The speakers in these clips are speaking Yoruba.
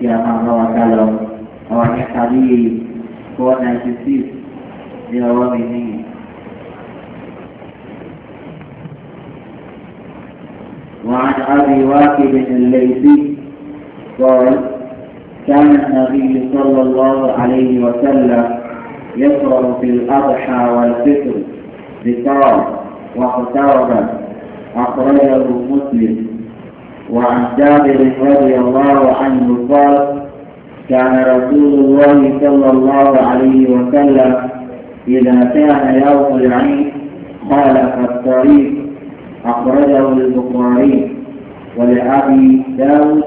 tí a máa bá wa dá lọ àwọn nípa bí وعن أبي واحد الليثي قال كان النبي صلى الله عليه وسلم يقرأ في الأضحى والفطر بقال واقترب أخرجه مسلم وعن جابر رضي الله عنه قال كان رسول الله صلى الله عليه وسلم إذا كان يوم العيد خالف الطريق أخرجه البخاري ولأبي داود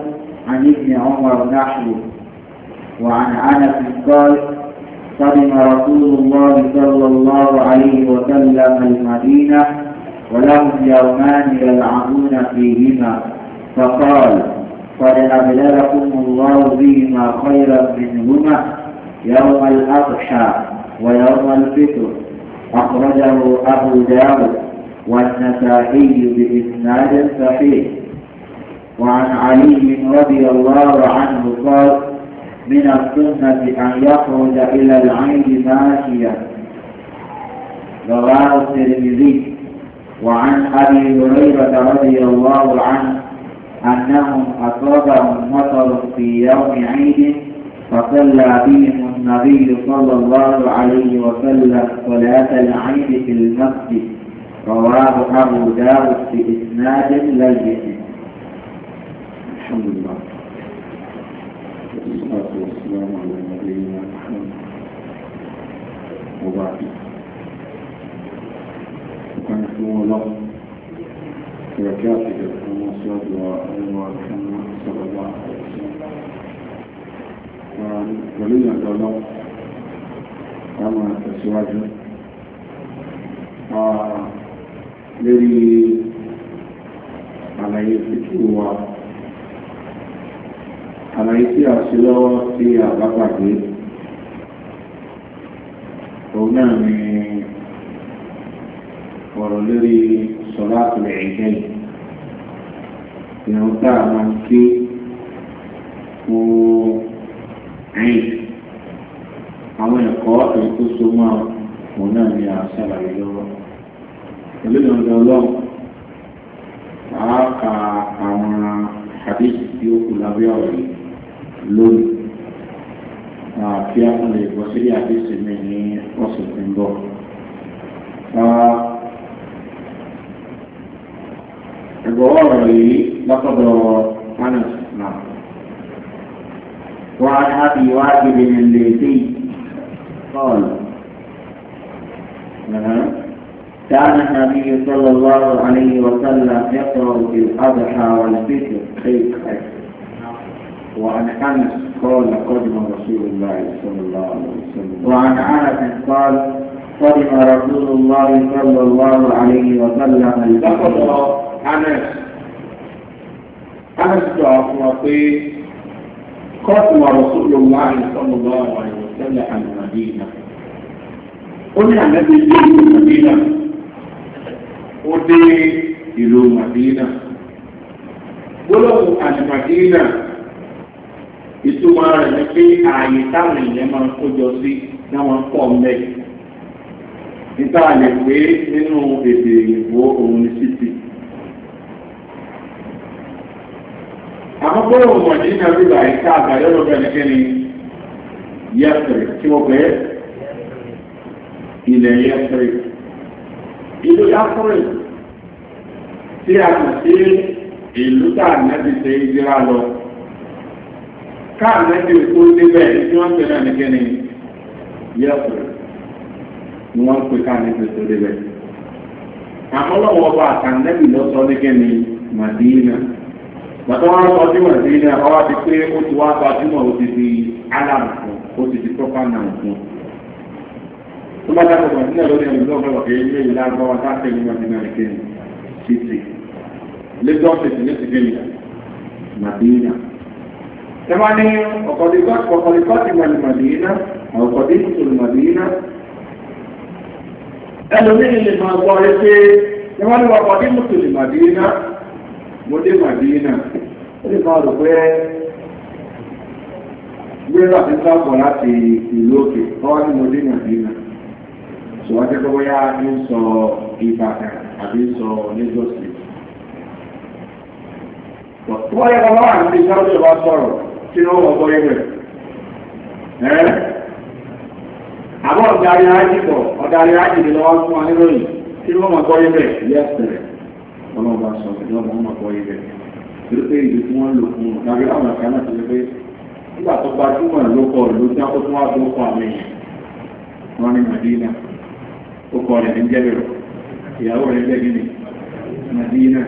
عن ابن عمر نحو وعن أنس قال قدم رسول الله صلى الله عليه وسلم المدينة ولهم يومان يلعبون فيهما فقال قد أبلغكم الله بهما خيرا منهما يوم الأضحى ويوم الفطر أخرجه أبو داود والنسائي بإسناد صحيح وعن علي رضي الله عنه قال من السنة أن يخرج إلى العين ماشيا رواه الترمذي وعن أبي هريرة رضي الله عنه أنهم أصابهم مطر في يوم عيد فصلى بهم النبي صلى الله عليه وسلم صلاة العيد في المسجد رواه أبو داود بإسناد لين الحمد لله والصلاة والسلام على نبينا محمد وبعد وكان اسمه وكافر المصاد والحمى صلى الله عليه وسلم ولي الله أما تسواجه لري àlàyé fíkì wa àlàyé tí a ṣe lọ́wọ́ tí a bá pàdé òun náà ni ọ̀rọ̀ lórí sọ̀rọ̀ àtúnlẹ̀ ẹ̀jẹ̀ yìí ìrùn tá a máa ké kó rìn àwọn ẹ̀kọ́ èyí tó so máa òun náà ni a ṣàlàyé lọ́wọ́ pẹ̀lú ìrọ̀lẹ́ ọlọ́run a ka àwọn àdéhùn tí ó kù lábẹ́ ọ̀rẹ́ lónìí àti àwọn ìgbọ̀nsẹ̀ àdéhùn mi ní ọ̀sẹ̀ tó ń bọ̀. البوارة لقد أنس نعم وعن أبي واجب الليثي قال كان النبي صلى الله عليه وسلم يقرأ في الأضحى والفطر خير وعن أنس قال قدم رسول الله صلى الله عليه وسلم وعن أنس قال قدم رسول الله صلى الله عليه وسلم البقرة anas anas tó àwọn fún wa pé kọ́ọ̀tù wa rọ̀ sóòlù wa àìsàn lọ́wọ́ àwọn àìsàn tẹ́lẹ̀ àlùmọ̀dé náà ó ní àmẹ́bí dé ìlú màdínà ó dé ìlú màdínà gbólóhùn àlùmàdínà ìtumọ̀ rẹ̀ ni pé ààyè táwọn èèyàn máa ń kójọ sí láwọn pọ̀ mẹ́ níta lè pé nínú èdè ìwò òun ní títì àkọ́kọ́ ọmọ ní nàbíbà ìka àgbàdo lọ́gbẹ̀ẹ́nìkẹ́ ni yẹ́sẹ̀rì tí mo pẹ́ ilẹ̀ yẹ́sẹ̀rì ìlú yásẹ̀rì tí a kò sí ìlú tá ànábì ṣe ìdíra lọ ká ànábì tó débẹ̀ tí wọ́n pè náà nìkẹ́ ni yẹ́sẹ̀rì ni wọ́n pè ká ànábì tó débẹ̀ àmọ́ lọ́wọ́ ọba àtànábì lọ́sọ̀ọ́ nìkẹ́ ni màdínà bàtà wọn sọ ọdún wọn sí ilé ẹ̀kọ́ wa ti pé ó ti wá sọ ọdún wọn ó ti di alam fún ó ti di proper noun fún tó bá dákọ̀ wọn sílẹ̀ lórí ẹ̀mí lọ́wọ́ lọ́wọ́ kì í lé ìlà àgbọ̀ wọn sáfẹ́ ní wọn nínú ẹ̀kẹ́ títì lẹ́tọ́ tètè lẹ́tì gbé nìyà màdínà ẹ máa ní ọ̀kọ̀dìkọ́ ti wà ní màdínà ọ̀kọ̀dìkọ́ ti wà ní màdínà ẹlòmíràn lè máa gbọ́ ẹ mo dé màdínà ó lè máa rò pé gbéra ti sábọ̀ láti ìlú òkè ọwọ́ ní mo dé màdínà ṣùgbọ́n tẹ́kọ̀ bóyá ń sọ ìbàdàn àbí ń sọ lagos state. wọ́n yẹ kọ́ wà níbi sáwọn ìjọba sọ̀rọ̀ kí ló wọ́n bọ́ ẹgbẹ̀. àbọ̀ ọ̀darí ajì bọ̀ ọ̀darí ajì ni wọ́n fún ọlọ́ọ̀bá sọ ìjọ ọmọ ọmọ ọ̀pọ̀ ibẹ̀ torí pé ìlú tí wọ́n lò fún un lábẹ́ àwọn àkà náà ti pé nígbà tó bá túmọ̀ ló kọ ló já ó tún wá tó kọ àmì wọn ní Madina ó kọ rẹ̀ ní jẹ́bẹ̀rẹ̀ ìyàwó rẹ̀ jẹ́ gíní Madina.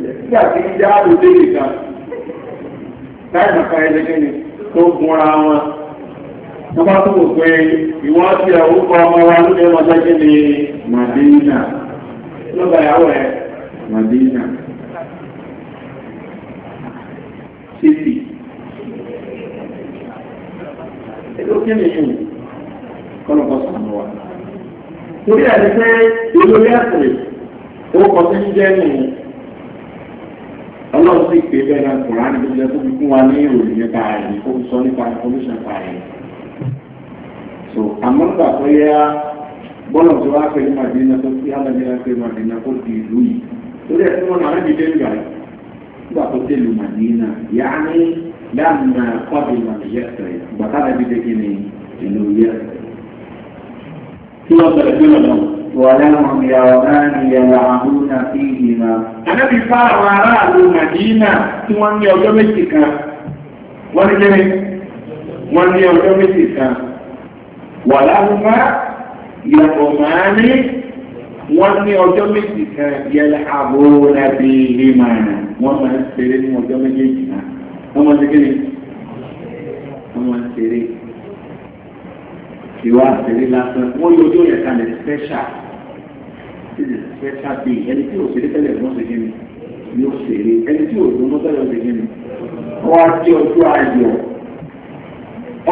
nígbà tí ń já àdúgbò ìgbà láì nàka ẹlẹgẹ́ ni tó gunra wọn tó bá tó pé ìwọ́n ti àwúkọ ọmọ wa ní ẹmọ jẹ́jẹ́ ní Madina lọ́gbà ìyàwó ẹ̀ Madina títì èdè ó kéde yìí kọ́lọ̀kọ́ sàmù wa torí àti pé olórí àtìrì ó kọ sí jẹ́ nù ọlọ́run sì pé bẹ́ẹ̀ náà kùnrin àti ìjẹ́ tó fi fún wa ní ìròyìn nípa ẹ̀yìn kó sọ nípa information so àmọ́ nígbà tó yẹ bọ́lọ̀ tó wá pẹ̀lú màdínà tó fi alágbèrè pé màdínà kó di ìlú yìí lórí ẹ̀sìn wọn náà láti dé ìgbà yìí nígbà tó dé ìlú màdínà yàá ní láàmà kọ́bí màdìyẹ́sẹ̀ bàtà láti dé kí ni ìlú yẹ́sẹ̀. kí wọ́n sọ̀rọ̀ sí ọ̀nà ولهم يومان يلعبون فيهما أنا بفار وراء المدينة ثم يوم يوم يوم يوم يوم wà láhùnmá yàtọ̀ máa ní wọ́n ní ọjọ́ méjì kan yẹlẹ àbúrò láti ilé máa nà wọ́n máa ń ṣeré ní ọjọ́ méjèèjì náà wọ́n máa ń ṣeré ní wọ́n máa ń ṣeré ìwà àṣẹrí lásán wọ́n yóò yóò yẹ̀ka lẹ̀ special this is special day ẹni tí yóò ṣeré tẹ́lẹ̀ wọ́n ṣe kí ni yóò ṣeré ẹni tí yóò dùn mọ́tò yóò ṣe kí wọ́n á jẹ́ ọjọ́ ayọ̀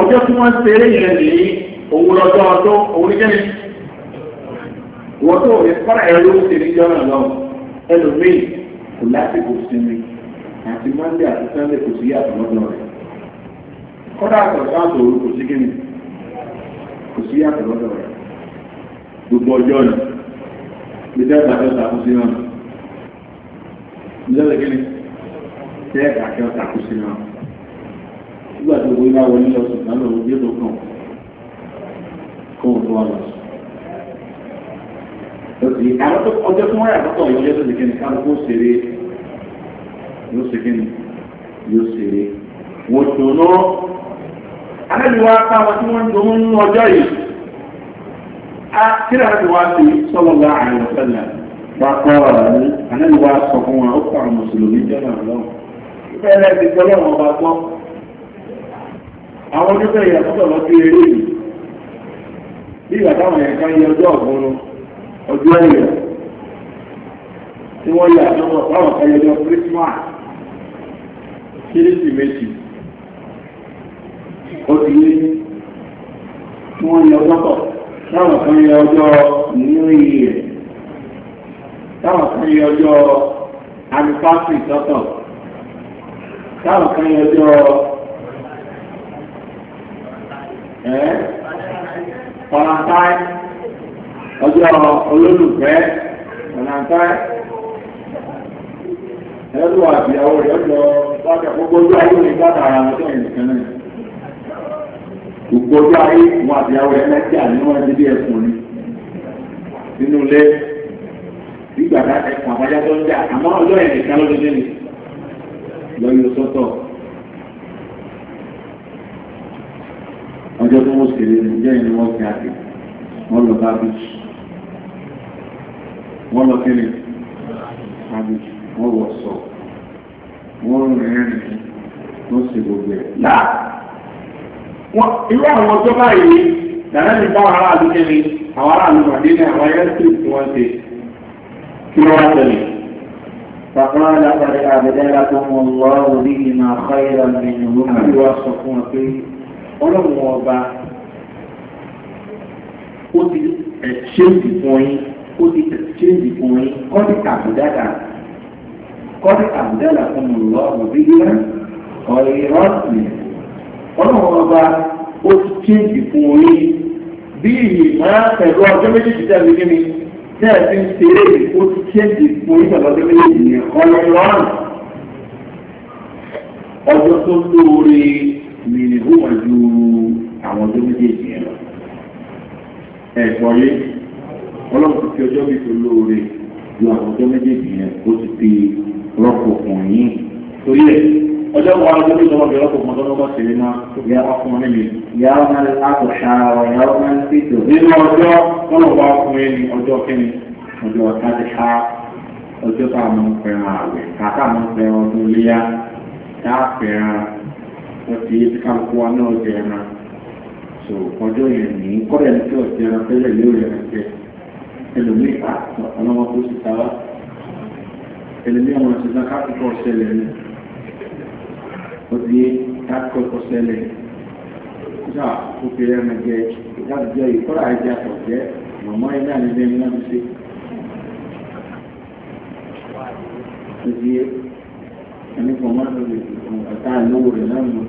ọjọ́ tí wọ́n ṣeré yẹn nìyí òun lọ́jọ́ ọdún òun nígbẹ́ni wọ́n tó ní fọ́nà ẹ̀rọ ó ti ní jọ́nà lọ́wọ́ ẹlòmíì kò lásìkò sinmi àti mọ́ndé àti sànńdé kò sí yàtọ̀ lọ́dọ̀ rẹ̀ kọ́dà àtọ̀sán àtòrò kò sí kíni kò sí yàtọ̀ gbogbo ọjọ́ ni gbẹdẹ́ ìgbàjọ́ tàkú sí náà gbẹdẹ́ kíni tẹ́ ìgbàjọ́ tàkú sí náà nígbà tó gbé bá wọlé lọ tó kàn fún òun wọn lọ. àwọn tó ọjọ́ tó wọ́n rà lọ́tọ̀ yìí ọjọ́ tó lè kí ni kálukú ṣeré yóò ṣe kí ni yóò ṣeré wọ́n dùnú. anábìwá táwọn tí wọ́n ń dùnú nínú ọjọ́ yìí a kí ni anábìwá ti sọ́lọ́lá àyẹ̀wò sẹ́lẹ̀ bàtọ́ ọ̀rọ̀ ní anábìwá sọ fún wọn ó kọ́ àwọn mùsùlùmí jẹ́ náà lọ́wọ́ ìfẹ́ ẹlẹ́gbẹ̀ẹ́ ọlọ́run bí ìgbà táwọn yẹn kan yẹ ọjọ́ ọ̀gbọ́n ọjọ́ ẹ̀yọ̀ tí wọ́n yà lọ́wọ́ táwọn kan yẹ ọjọ́ Christmas kérésì méjì ó ti lé tí wọ́n yẹ ọjọ́ pọ̀ táwọn yẹ ọjọ́ New Year táwọn ọ̀làǹtáì ọjọ́ olólùfẹ́ ọ̀làǹtáì ẹlú àti àwọn rẹ̀ lọ láti àkókò ojú ayé ní gbàtà ara wọn tó kan náà gbogbo ojú ayé wọn àti àwọn rẹ̀ lẹ́tí àníwọ̀ ẹni bí ẹkùn ni nínú ilé ìgbàdá ẹkùn àbájá tó ń jà àmọ́ ọjọ́ ìrìn kan lọ́dún lẹ́nu lọ́yọ̀ sọ́tọ̀. ọjọ́ tó wọ́n ṣeré ní jẹ́ ìní wọ́n ti àti wọ́n lọ bá bí wọ́n lọ kí ni àbí wọ́n wọ̀ sọ wọ́n rìn rìn wọ́n sì gbogbo ẹ̀ láà irú àwọn ọjọ́ báyìí dàrá ní bá ara àdúgbò ni àwọn ará àlùmọ̀ nínú àwọn ayé tí wọ́n ti kí wọ́n wá tẹ̀lé. فقال قد أبدلكم الله بهما خيرا منهما ọlọ́run ọba ó ti ẹ̀ṣẹ́ǹdì fún yín ó ti ẹ̀ṣẹ́ǹdì fún yín kọ́dí àbùdádà kọ́dí àbùdádà fún mi lọ́rùn bí yíyá ọ̀rẹ́ rọ́ọ̀tì ọlọ́run ọba ó ti ṣẹ́ǹdì fún yín bí ìyè máa pẹ̀lú ọjọ́ méjèèjì dàbí kí ni tí a ti ń ṣeré ó ti ṣẹ́ǹdì fún yín pẹ̀lú ọjọ́ méjèèjì yẹn ọ̀rẹ́ rọ́ọ̀tì ọjọ́ tó lóore mi ni ó wà ju àwọn tó méjèèjì yẹn lọ. ẹ̀pọ̀ yé ọlọ́run fi ọjọ́ mi tó lóore ju àwọn tó méjèèjì yẹn ó ti fi rọ́pò kùn yín. torí ẹ̀ ọjọ́ wa ló ní sọ́wọ́ bí rọ́pò kùn tọ́lọ́ bá ṣe máa yá wá fún mi. ìyá ọmọ àkọ́ṣà ọ̀yà ọmọ títò. nínú ọjọ́ tọ́lọ̀ wá fún ẹni ọjọ́ ọjọ́ àtàtìṣà ọjọ́ táwọn ọmọ fẹ́ràn àwẹ̀ àtàwọn ọmọ fẹ́ràn ọdún léyà táà fẹ́ràn wọ́n ti yé kálukú wa náà jẹ ẹran so ọjọ́ yẹn ní kọ́lẹ̀ ní kí ọ̀sẹ̀ ẹran tẹ́lẹ̀ yóò yẹ ẹran jẹ ẹlòmíì àtọ̀ ọlọ́mọ tó ti ta wá ẹlòmíì ọmọ ti ta kákòókò ṣẹlẹ̀ ní ó ti yé kákòókò ṣẹlẹ̀ kúta ó fi ẹran jẹ láti jẹ ìkọ́lá ẹja tó jẹ mọ̀mọ́ ilé àlejò ẹni náà ti ṣe. Ẹni kò má lọ lè ọ̀tá ìlú rẹ̀ náà mọ̀.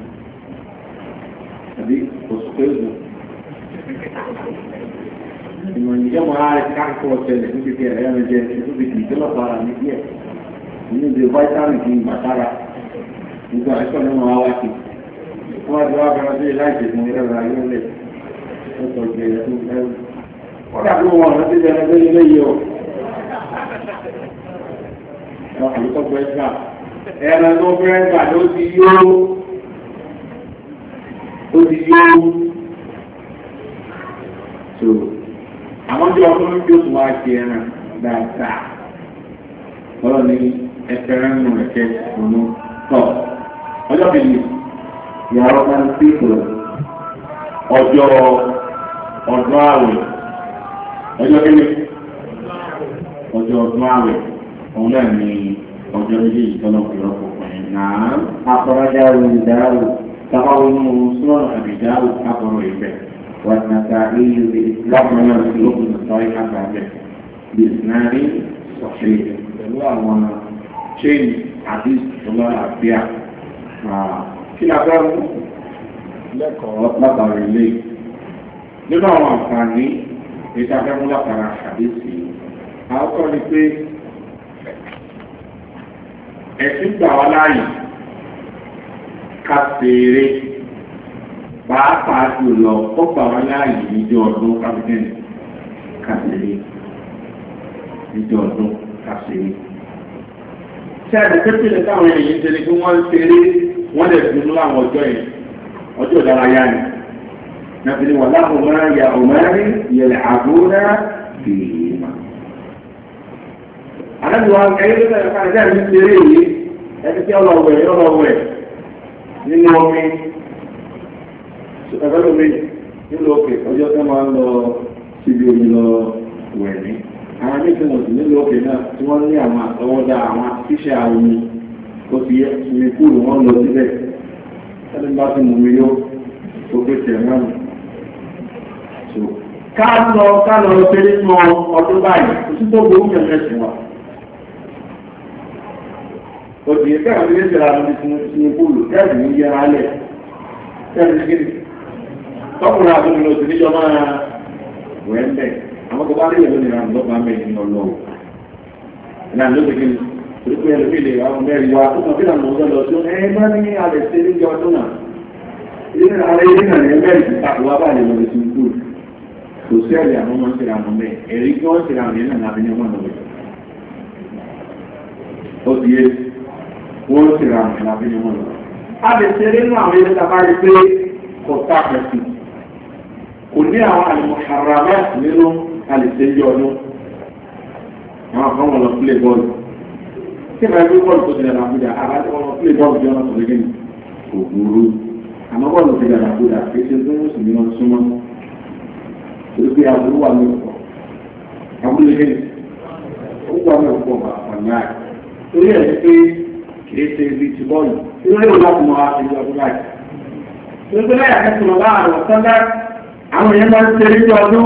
ali, os pesos. Ninguém mora, carro com você, não se quer, é, mas é tudo aqui, pela para, ninguém é. Meu Deus, vai estar tá aqui, vai estar Então, é só uma aula né? aqui. Uma droga, mas ele já disse, não era verdade, não é? Eu sou que ele é tudo. Olha para o homem, não tem nada, ele veio. Não, eu estou com ele já. Ela não vai, mas eu te ó ti yé ewu so àwọn tí wọn fún mi yóò tún wá ṣe ẹran dáadáa ọlọ́ ní ẹfẹ́rẹ́ nínú ẹ̀kẹ́ ònú tọ̀ ọjọ́ kejì ìyàwó máa ń sí ìpò ọjọ́ ọdún àwẹ̀ ọjọ́ kejì ọjọ́ ọdún àwẹ̀ òun náà ní ọjọ́ méjì ìtọ́nà òkè ọkọ̀ ọ̀hìn náà. àkọ́rọ́jà òun dáhùn. تقرأ سورة أبي داود حضر إليه والنسائي بإسلام يرسلون الصحيح به بإسناد صحيح اللهم شيء عزيز الله أبيع كلا قالوا لكم نظر إليه nínú àwọn àǹfààní ètò abẹ́múlá para àdéhùn yìí àwọn kan ní pé ẹ̀sìn gbà wá láàyè káfèrè pàápàá jùlọ ó gbà wọn láàyè níjọ ọdún káfíńtẹ́nì káfèrè níjọ ọdún káfèrè. ṣé àdìpẹ́pẹ́ lè táwọn èèyàn ṣe ni pé wọ́n ń ṣeré wọ́n lè dùnú láwọn ọjọ́ yẹn ọjọ́ ìdárayá ni. nàbìlì wà láwọn ọmọ ya ọmọ rí yẹlẹ àbúrá bìí mà. àdàbí wọn kẹ́yẹ́ ló fẹ́ẹ́ fà ẹ̀dá mi ṣeré yìí ẹni tí ọlọ́wẹ̀ ọlọ́wẹ̀ nínú omi ẹgbẹ́ lómi nílò òkè ọjọ́ tẹ́ máa ń lọ síbi omi lọ wẹ̀ ní àwọn méjìlá sí nílò òkè náà tí wọ́n ní àwọn àtọwọ́dá àwọn tíṣẹ́ omi tó fi mi kúrò wọ́n lọ síbẹ̀ ẹni bá ti mú mi yó tó pé tẹ̀ mọ́nù. ká lọ ká lọ ṣe nínú ọdún báyìí òtítọ́ gbòógùn ẹ̀mẹ́sìn wa òdì ẹ̀fẹ́ àwọn ilé ìṣẹ̀lá lórí fún inú bóòlù tẹ́ẹ̀dì ní yẹra alẹ̀ tẹ́ẹ̀dì gidi tọkùnrin àbúrò lọ sí níjọ máa wẹ̀ ń bẹ̀ àwọn tó bá rí ìyẹ̀wò nìyẹn àwọn lọ́gbà mẹ́rin ní ọlọ́ ìlànà ló ti gbé orúkọ ẹ̀rọ mi lè àwọn mẹ́rin wa tó kàn fílà mọ́ ọjọ́ lọ sí ẹ bá ní alẹ̀ sí ní ìjọ ọdún náà ilé ara ilé náà ní ẹgbẹ́ ìsìn tàbí wá bá lè lọ sí ikú wọ́n sì ra àmì lábí ní mọ́lá. a lè ṣe nínú àwọn ilé tàbá rí pé kò tá pẹ̀sì kò ní àwọn àlùmọ̀ àràmà nínú a lè ṣe yí ọdún àwọn kan wọn lọ sílé bọ́ọ̀lù tí ìbára gbé bọ́ọ̀lù tó ti dàgbà kúdà àwọn tí wọn lọ sílé bọ́ọ̀lù jọ tó lé kò burú àmọ́ bọ́ọ̀lù ti dàgbà kúdà kì í ṣe tó ń sùn ní wọn súnmọ́ torí pé kìí ṣe ibi ti bọ́ọ̀lù tí wọ́n lè wọ́n kọ́ máa ṣe ọdún báyìí. Gbogbo náà yàtọ̀ sọ̀rọ̀ láàrin ọ̀sán dá àwọn èèyàn máa ń ṣe ní ọdún.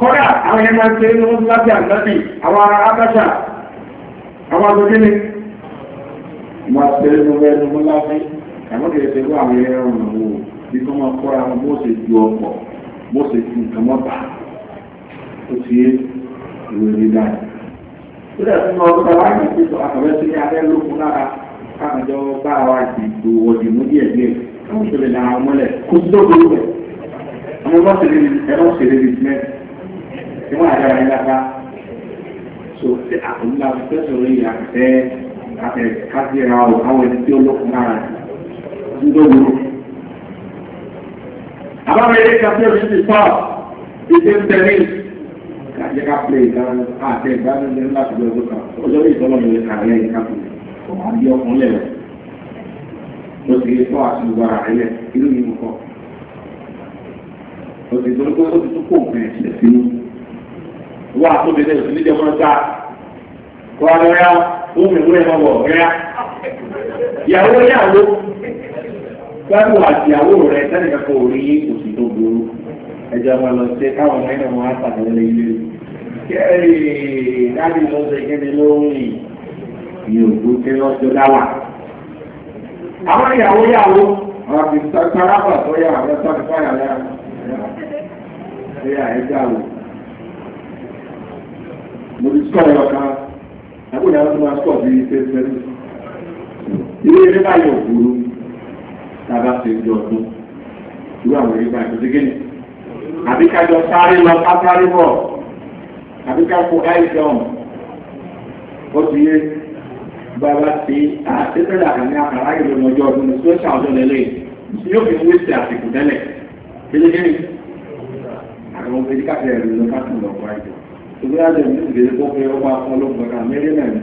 Kọ́dà àwọn èèyàn máa ń ṣe ní ọdún láti àgbàdì àwọn ará Abáṣà àwọn agbègbè ni. Mo máa ṣe ní ọgbẹ́ ẹnu mú láti ẹ̀mọ́ kìí ṣe fún àwọn èèyàn ọ̀nà wo bí wọ́n máa kọ́ra wọn bó ṣe ju ọkọ̀ bó ṣe ju nǹkan mọ́ta. Ó ti yé ìròyìn dáadáa. Ilé ẹ̀sìn ọdún bàbá yìí ti sọ àkọ́bẹ́ sí ní abẹ́ lókun lára káwọn jọ bá wa dìbò ọdì mú díẹ̀ díẹ̀. Wọ́n ń ṣẹlẹ̀ náà mọ́lẹ̀ kó sí lóògùn rẹ̀. Àwọn ọmọ ṣẹlẹ̀ ní ẹ̀rọ ṣẹlẹ̀ ní ìsinmi. Ìwọ́n àdára yín lápá. So ṣé àkọ́bílà fẹ́ sọ̀rọ̀ jẹ́ ká pè ìkan àti ìgbàlódé láti lọ ọdún kan ọjọ́ ìtọ́lọ́mù ààrẹ ìkàkùn kò máa bí ọkùnrin lẹ̀ lọ sí ẹ̀tọ́ àti ìgbàrà ààrẹ ìlú yìí kọ́ òsì tó ń gbé ó ti tún kó nǹkan ẹ̀ṣẹ̀ sínú wọ́n àtúndé ní òsì níjẹ́ wọn gbà kọ́ ara rẹ̀ ó mi wúrẹ́ mọ́ wọ̀ rẹ̀ ìyàwó yàwó pẹ̀lú àtìyàwó rẹ̀ sẹ́nìkan kò rí òsì tó burú ẹjọ́ wọn lọ sí káwọn mẹ́rin wọn á pàdé lé ilé rẹ̀. kẹ́rì láti Àwọn ìyàwó yàwó ọ̀rọ̀ fi sárábà tó yà rẹ̀ sọ́dí fáyà rẹ̀ ya Mo ti sọ ọ̀rọ̀ kan, àbúrò tó máa sọ̀ bí ṣe ṣe ní. Ilé ilé báyìí òkúrú, tàbá ṣe jọ ọdún. àwọn àbí ká kó káyìsẹ̀ ọ̀hún ó ti yé bàbá ti àtẹ́tẹ́lẹ̀ àkàní àkàrà ìlú ọjọ́ ọdún ní sọ́ṣà ọjọ́ lẹ́lẹ́ yìí yóò fi ń wéṣẹ̀ àsìkò tẹ́lẹ̀ kékeré àwọn òbí káfíà ìlú ló ká tún lọ pa ìjọ ṣùgbọ́n àjọ ìlú ìgbèrè kó fẹ́ ọba fún ọlọ́gbọ̀n ká mẹ́rin náà ni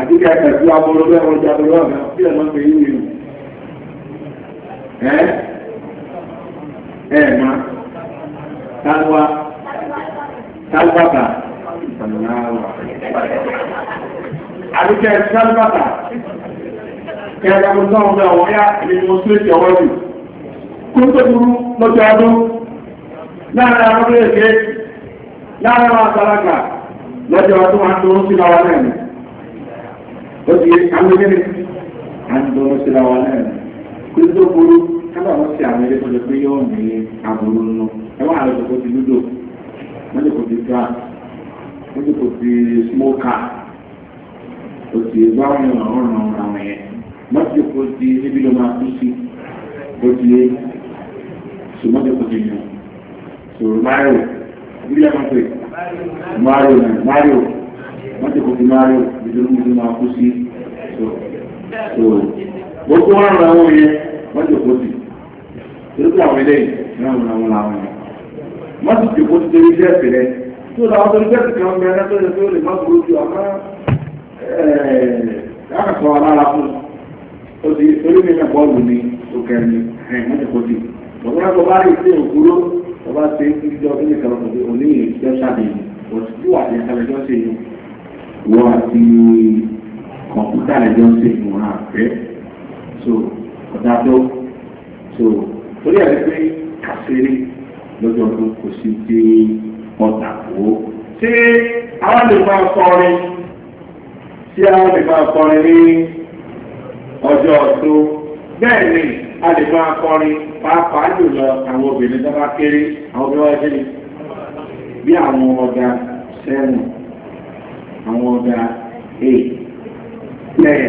àbí ká ẹ̀ka tí abọ́ ọlọ́gbẹ́ wọn jẹ́ abọ́ ọ̀gá bí ẹ̀ máa ń pè yìí ẹ̀ ẹ̀ máa táwa sálbàtà àdúkẹ́ sálbàtà kẹta mo sọ́run bẹ́ ọ̀wọ́ yá èmi mo tún èsì ọwọ́ jù kó tó burú lọ́jọ́ ọdún láàrin àwọn ọdún èké láàrin àwọn àtàlágà lọ́jọ́ ọdún máa ń tó ń sí lọ́wọ́ náà ni ó ti àwọn ẹgbẹ́ máa ń tó ń sí lọ́wọ́ náà ni kó tó burú kábàámọ̀ sí àwọn ẹgbẹ́ tó lè pé yóò ní àbúrú nù ẹwà àlejò tó wọ́n ní kò ti ga wọ́n ní kò ti smoker kò ti bá wọn yàn ọ̀ràn ọ̀ràn àwọn yẹn wọ́n ti kò ti níbi ló máa kú sí kò ti yé sùmọ́tò kò ti yàn sòrò mario bí a máa pè mario mario wọ́n ti kò ti mario níbi ló máa kú sí sòrò gbogbo wọn ràn wọn yẹn wọ́n ti kò ti torí pé àwọn eléyìí náà wọn làwọn làwọn yẹn wọ́n ti jòkó ti tẹ̀lé jẹ́ ẹ̀fẹ̀ rẹ̀ tí ó làwọn tó ń jẹ́sì kan bẹ ẹ̀rẹ́ tó yẹ pé ó lè má burú ju àmọ́ káàkiri wa lára fún ó ti torí mi náà bọ́ọ̀lù ni ó kẹrin ẹ̀ wọ́n ti kó ti bọ̀dọ̀ náà tó bá rí sí òkúrò tó bá ṣe ń kíjọ bí nìkan lọ pẹ̀lú oníyìn ìjọ ṣàbẹ̀yìn so ọ̀dà tó so torí àti pé kàṣẹ́rẹ́ lọ́jọ́ tó kò sí tí wọ́n tàkó. Ṣé àwọn lè máa kọrin? Ṣé àwọn lè máa kọrin ní ọjọ́ ọ̀tún? Bẹ́ẹ̀ ni a lè máa kọrin pàápàá jùlọ àwọn obìnrin tó bá kéré àwọn obìnrin wáyé ní bí àwọn ọ̀gá sẹ́wọ̀n, àwọn ọ̀gá eight, ten,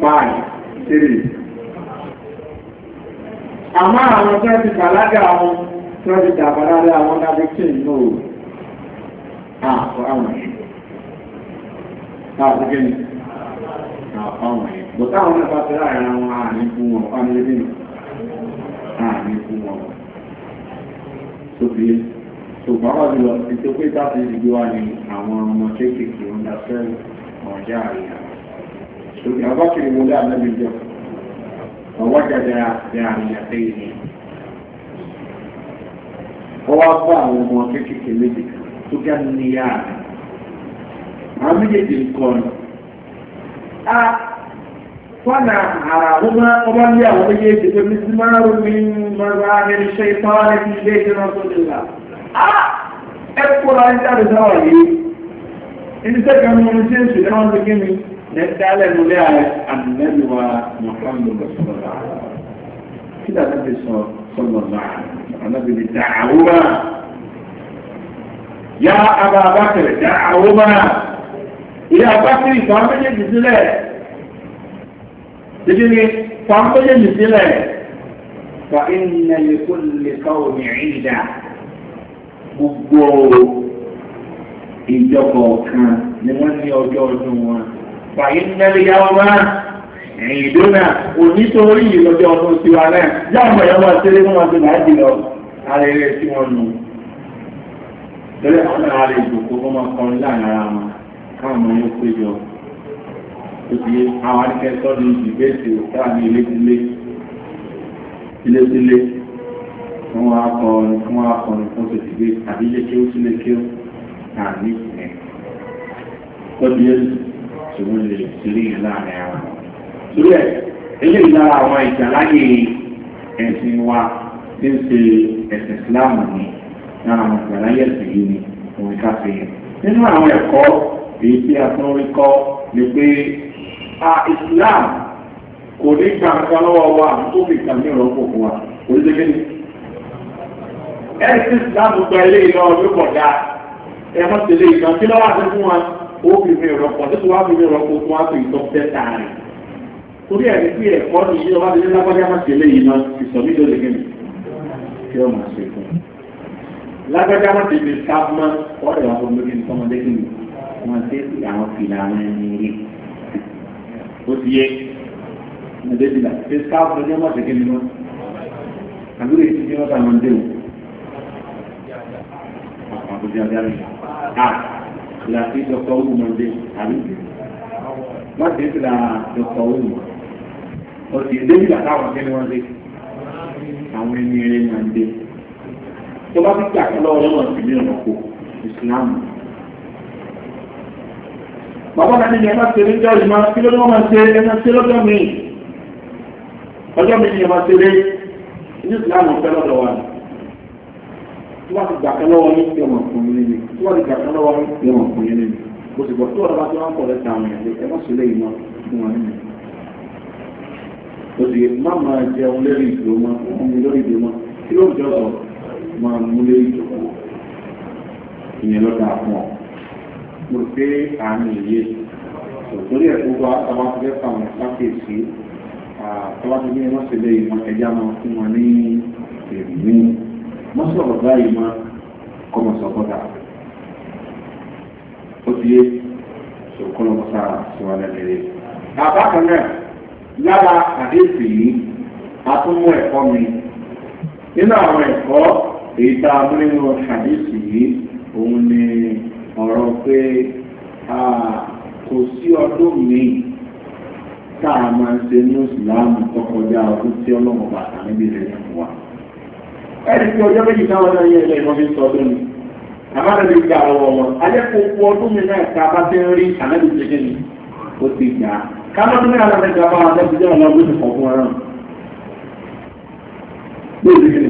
five, three. Àmọ́ àwọn tó ti bàlágà wọn tí wọ́n ti dàbà rárá àwọn dábí tí ì lò àpò àwọn yìí ṣùgbọ́n wọ́n ti lọ sí tó pé táti ìdìbò wa ni àwọn ọmọ kéékèèké ń da sẹ́rù ọ̀já àríyá ṣùgbọ́n abákiri mo dá àbẹ́bí ọwọ́ jẹjẹrẹ àríyá tẹ́yìn ni wá fún àwọn ọmọ kékeré méjì tó gá níyà àwọn méjèèjì nǹkan a fọ́nà àwọn ọba ní àwọn méjèèjì pé mi sí máa rú mi máa rẹ ṣe ìpáwá ní ilé ìjọba tó lè là ẹ kóra ń jáde sáwà yìí ibi sẹ́kẹ̀ mú ní jésù ní wọ́n ti gé mi ní dálẹ̀ mú lé ààrẹ àdìmẹ́lùwà mọ̀kànlélọ́sọ̀rọ̀ kí dàbí sọ sọ́nà láàrin Ànábì ní dàáwúmá yá Abubakar dàáwúmá ilé abákiri fún méjèèjì sílẹ̀ títí fún méjèèjì sílẹ̀ fa iná lè kó lè káwọ ní ìdá gbogbo ìjọ kọ̀ọ̀kan ni wọ́n ní ọjọ́ ọdún wọn fa iná lè yá ẹ̀yìn dóná onítorí ìlọ́jọ́ ọdún tiwa náà yáàmọ̀ ẹ̀yọ́ máa ṣeré fún wọn tó máa jìnà ara ẹ̀rẹ́ tí wọ́n nù. lọ́lẹ́ àwọn ará rẹ̀ ìjòkó wọ́n máa kọrin láàrin ara wọn káwọn ọmọ yóò péjọ. òbí àwọn akẹ́kọ̀ọ́ ní ìbéèsì káàmì ilé-sílé ilé-sílé fún wọn akọrin fún wọn akọrin fún tòṣìgbé àbí ilé kí ó sílé kí ó àní ìpínlẹ̀. lọ́bí yẹn ṣòwò lè ṣeré yẹn láàrin ara wọn torí ẹ̀ eléyìí lára àwọn ìjà láyé ẹ̀sìn wa tí ń ṣe ẹ̀sìn ìsìláàmù ni lára àwọn ìjà láyé ẹ̀sìn yìí ni òun ká fi yẹn. nínú àwọn ẹ̀kọ́ èyí tí a tún rí kọ́ ni pé a ìsìláàmù kò ní gbà kan lọ́wọ́ wa tó fi kàmí ìrọ́pò fún wa kò ní dégbé ni. ẹ̀sìn ìsìláàmù gba ilé ìlọ ọdún pọ̀ dáa ẹ̀mọ́ tẹ̀lé ìkan kí lọ́wọ́ àti fún wa ó fi mi ìrọ́pò tó wá fi mi ìrọ́pò tó wá fi ìtọ́ torí ẹ̀rí pé ẹ̀kọ́ ní ilé ọba nílé lágbájá máa ṣe léyìn náà ìsọ̀mí ló lè gé mi kí ọ máa ṣe fún lágbájá máa ṣe lè ká mọ́ ọ̀rẹ́ wa fún lórí nǹkan ọmọdé kí ni wọ́n ṣe àwọn fìlà àwọn ẹni rí ó ti yẹ ọmọdé fìlà ṣe ká fún ọjọ́ máa ṣe kí ni wọ́n àbúrò èyí tí wọn dé o àpapọ̀jọ abẹ́rẹ́ à ìlàsí dọ́kọ̀ ọ̀hún ọmọdé àbí wọ́n ṣe fìlà ọ̀sẹ̀ ìdébìlà táwọn kẹ́ni wọ́n dé àwọn ẹni ẹ̀rẹ́ máa ń dé tó bá fi gbà lọ́wọ́ lọ́wọ́ sí ní ọ̀nà kò ìsìláàmù. bàbá náà ní ẹ máa ṣe níjọ́ ìmọ̀ kí ló ní wọ́n máa ṣe ẹ máa ṣe lọ́jọ́ mi ọjọ́ mi ni ẹ máa ṣe lé ní ìsìláàmù fẹ́ lọ́dọ̀ wa tí wọ́n ti gbà kan lọ́wọ́ ní ìfẹ́ wọn fún yín ní tí wọ́n ti gbà kan lọ́wọ́ ní ìfẹ́ wọn fún yín ní bó ti gbọ́ tó ọ̀rọ̀ bá ti wọ́n pọ̀ lẹ́ta àwọn ẹ̀yẹ́ ẹ má o sì má máa jẹun lórí ìdúró mọ́ wọ́n mú lórí ìdúró mọ́ kí ló ń jọ sọ máa mú lórí ìdúró ìyẹn lọ́dà fún ọ. mo gbé àárín ìyè torí ẹ̀ gbogbo àwọn afẹ́fẹ́ fáwọn sáfèsì àtọ́wájú ní wọ́n sì lè ìmọ̀ ẹ̀yà máa fún wọn ní èrè ní wọ́n sọ̀rọ̀ báyìí máa kọ́mọ̀ sọ́kọ́dà ó ti yé sọ̀kọ́lọ́mọ́sá síwájú ẹ̀rẹ́. àbákan náà lára àdéhùn yìí atúmú ẹ̀kọ́ mi nínú àwọn ẹ̀kọ́ èyí tá a mú nínú àdéhùn yìí òun ni ọ̀rọ̀ pé kò sí ọdún míì tá a máa ń ṣe ní ìsìláàmù tó kọjá ọdún tí ọlọ́run bàtà níbi ìrẹ̀lẹ̀ fún wa. ẹni tí ọjọ́ méjì táwọn náà yẹ ilé ìwọ́n fi ń sọ ọdún ni àbára lè gba ọwọ́ wọn alẹ́ kó kú ọdún mi náà ká bá ti ń rí ànábìsẹ́gẹ́ kámọ́ tó ní àwọn ẹgbẹ́ àwọn àtọ́jú jẹ́ àwọn ọgbẹ́ ìfọ̀ fún ara ló ti gbé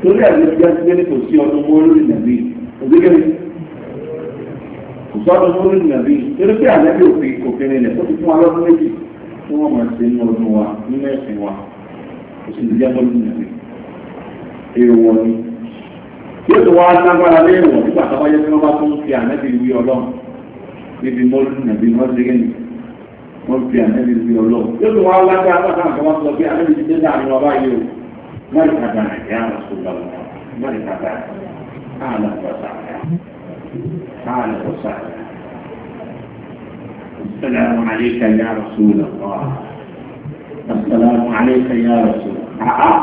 torí àti ẹgbẹ́ ti gbé ní kò sí ọdún mọ́ lórí nàbí òbí gbé kò sí ọdún mọ́ lórí nàbí torí pé àlẹ́bí òfin kò kéré lẹ̀ ó ti fún wa lọ́dún méjì tí wọ́n máa ṣe ní ọdún wa nínú ẹ̀sìn wa kò sí ìdíjẹ́ mọ́ lórí nàbí èèwọ̀ ni yóò tó wá lágbára léèwọ̀ nígbà tó wáyé tí wọ́n bá tún fi àlẹ́bí wí ọlọ́run níbi mọ́ lórí nàbí wọ́n ti gbé nìkan wọ́n fi ànẹ́bí sí ọlọ́run yóò tún wá lágbára látà nǹkan wọ́n sọ pé ànẹ́bí ti dé láàrin ọba yìí o mọ́rin kàdà nàìjíríà lọ sí ọlọ́run mọ́rin kàdà káàlà ọ̀sà káàlà ọ̀sà السلام عليك يا رسول الله السلام عليك يا رسول الله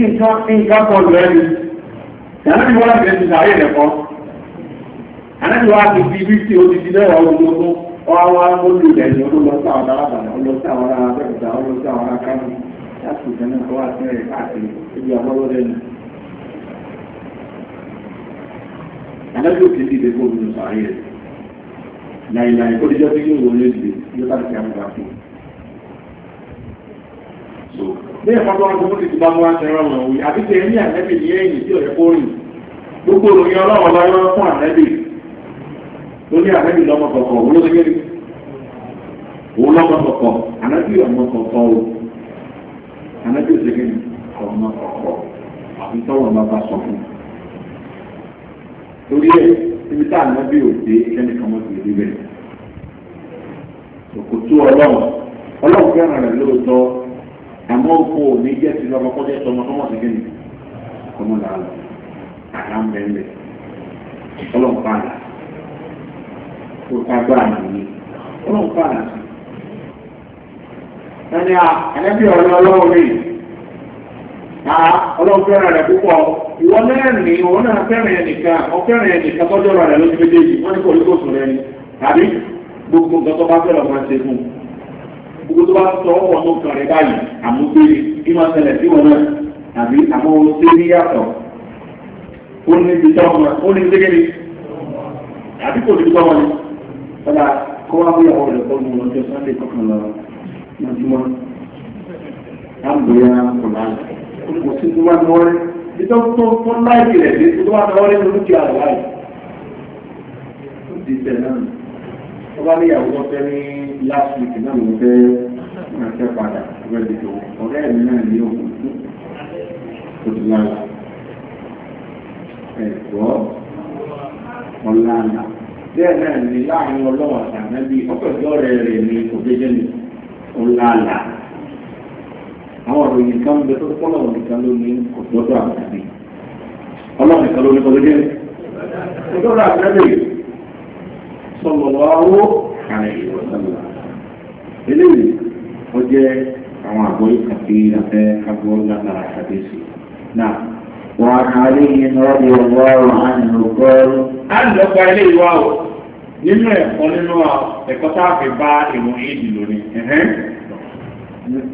nǹkan nǹkan pọ̀ lẹ́nu tẹ̀lé ìwọ́n bẹ̀rẹ̀ ti sàárè lẹ́kọ̀ọ́ àti wá ti fi bí tí o ti di lẹ́wọ̀ ọdún tó wá wá mọ́lù ilẹ̀ ìlú ló lọ sí àwọn alábàdà ó lọ sí àwọn ará abẹ́òkúta ó lọ sí àwọn ará kánú láti ìjọ náà wá sí ẹ̀rẹ̀ káàkiri ibi àbọ̀wọ́ lẹ́nu. àdájọ́ òkè ti dé fún òmìnira sàárè rẹ̀ láìláì kó díjọ́ tí yóò wọlé ìdè yóò bá ti àmúra fún un. bẹ́ẹ̀ fọ́tọ́ wọn kò ti bá mú àṣẹ rán wọn òwe àbí tẹ̀ ní àlẹ́bì ní ẹ̀yìn tí ọ̀rẹ́ kórìn gbogbo òròyìn ọlọ́run lọ́yọ́ fún àlẹ́bì tó ní àmẹ́bí lọ́mọ kọ̀ọ̀kan òun ló ti gbérí òun lọ́mọ kọ̀ọ̀kan ànábì ọmọ kọ̀ọ̀kan o ànábì ò ti gbérí ọmọ kọ̀ọ̀kan àfi tọ́wọ́ máa bá sọ fún un. torí ẹ ibi tá ànábì ò dé kẹ́nìkan mọ́ ti rí bẹ́ẹ̀ kò tó ọlọ́run ọlọ́run fẹ́ràn rẹ̀ lóòótọ́ àmọ́ òkú òní jẹ́ ti lọ́mọ kọ́jẹ́ tọmọ tọmọ kọ́mọ kò tagbára nìyí ó ń fa àti. ẹni à ẹnẹ́bí ọ̀rẹ́ ọlọ́run rí àá ọlọ́run fẹ́ràn rẹ̀ púpọ̀ ìwọ lẹ́rìn ní òun náà fẹ́ràn ẹnìkan ọ̀fẹ́ràn ẹnìkan tọ́jú ọ̀rọ̀ rẹ̀ lójú méjèèjì wọ́n ní kò lóko sùn rẹ̀ ni tàbí gbogbo nǹkan tó bá fẹ́ràn máa ṣe fún gbogbo tó bá sọ ọ̀wọ́ tó kàn rẹ̀ báyìí àmúgbèrè bí wọ́n ṣẹlẹ̀ sí wọn náà tàbí àwọn ohun tó ní yàtọ̀ ó ní ibi tọ́ wọn ó ní ọ̀la kó wá fún ìyàwó rẹ̀ kọ́ lu ọjọ́ sọ́ndé kọkàn lọ lójúmọ́ láàbùyá kọ̀lá kò sí tó wá lọ́rẹ́ nítorí tó tó láìpì rẹ̀ dé tó wá lọ́rẹ́ lórí ti àlọ́ àyè ó di tẹ̀ náà ọba ní ìyàwó tó fẹ́ ní last week náà ló fẹ́ máa fẹ́ padà ọ̀rẹ́ mi tó ọ̀rẹ́ mi náà ní òkú tó ti lára ẹ̀kọ́ ọ̀la náà bẹ́ẹ̀ náà ní láàrin ọlọ́wọ́ àtànábì ọ̀pẹ̀jọ́ rẹ̀ rẹ̀ ní òjèjì ní ọ̀làlà àwọn òròyìn kan bẹ tó kọ́ lọ́wọ́ nìkan ló ní òjòjò àtàbí ọlọ́wọ́ nìkan ló ní òjèjì òjòjò àtàbí sọlọ́wọ́ àwọ̀ àrẹ̀ ìwọ̀sánlá eléyìí ó jẹ́ àwọn àgbọ̀yé kàfé àfẹ́ àgbọ̀ lágbára àtàbí sí náà. وعن علي رضي الله عنه قال أن لك إليه واو nínú ẹ̀kọ́ nínú ẹ̀kọ́ tá a fi bá ìrun éèdì lónìí.